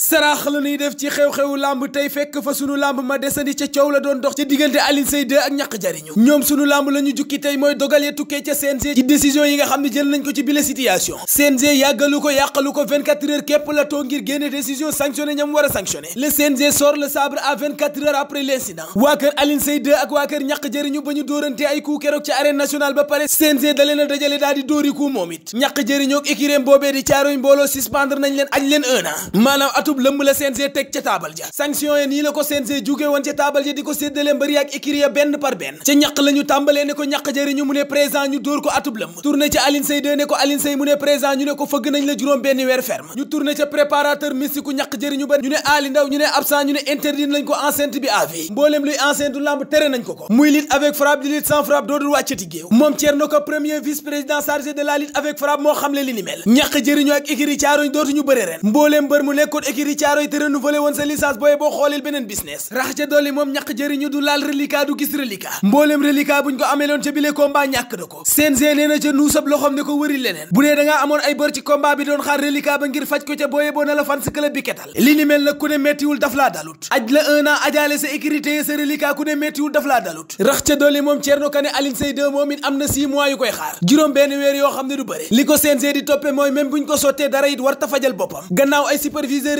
saraax la ñuy def ci xew xew lamb tey fekk fa sunu lamb ma desandi ca coow la doon dox ca diggante Alioune Seye 2 ak ñàkk jariñu ñoom sunu lamb la jukki tey mooy dogal ya tukkee ca CNG ci décision yi nga xam ne jël nañ ko ci bile situation CNG yàggalu ko yàqalu ko 24 heures la too ngir génne décision sanctionné ñam war a sanctionné le CNG sort le sabre à 24 heures après l'incident waa kër Alioune Seye 2 ak waa kër ñàkk jariñu ba ñu dóorante ay coup keroog ci arène ba pare CNG da leen a dajale daal di dóori coup moom it ñàkk jariñu ak écurie boobee atub teg ca taabal ja sanction ya nii la ko CNG jóge woon ca taabal ja di ko séddale mbëri ak écurie ya benn par benn ca ñaq la tàmbalee ne ko ñaq jëriñu mu ne présent ñu dóor ko atub lëmb tourné ca Aline Sey 2 ne ko Aline Sey mu ne présent ñu ne ko fëgg nañ la juróom benn weer ferme ñu tourné ca préparateur mystique ñaq jëriñu ba ñu ne aali ndaw ñu ne absent ñu ne interdit nañ ko enceinte bi à vie luy enceinte du tere nañ ko ko muy li ca dolli ba ngir faj ko ca booye boo na la bi ketal li ni mel nag ku ne mettiwul daf laa dalut aj la un ajaale sa écurie sa reliquat ku ne mettiwul daf laa dalut rax ca dolli moom Thierno Kane Aline Seye 2 moom it am na 6 mois koy xaar juróom benn weer yoo xam ne du bëre li ko CNG di toppe mooy même buñ ko sottee dara it war fajal boppam gannaaw ay superviseur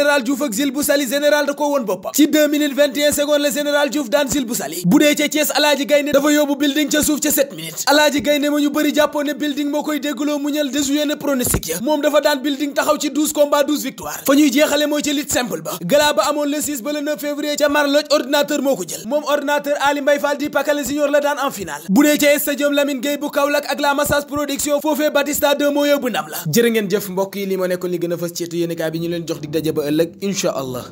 général Diouf général da ko woon boppam ci minutes 21 la général Diouf daan Jules Boussali bu dee ca Thiès alaaji gaynde dafa yóbbu building ca suuf ca 7 minutes alaaji gaynde ma ñu bëri jàppoon ne building moo koy déggloo muñal déjoué na pronostic ya moom dafa daan building taxaw ci 12 victoire fa ñuy jeexale mooy ca lutte simple ba galaa amoon le 6 ba le ca Marloj ordinateur moo ko jël moom ordinateur Ali Mbaye Fall di Pakala Junior ëllëg incha allah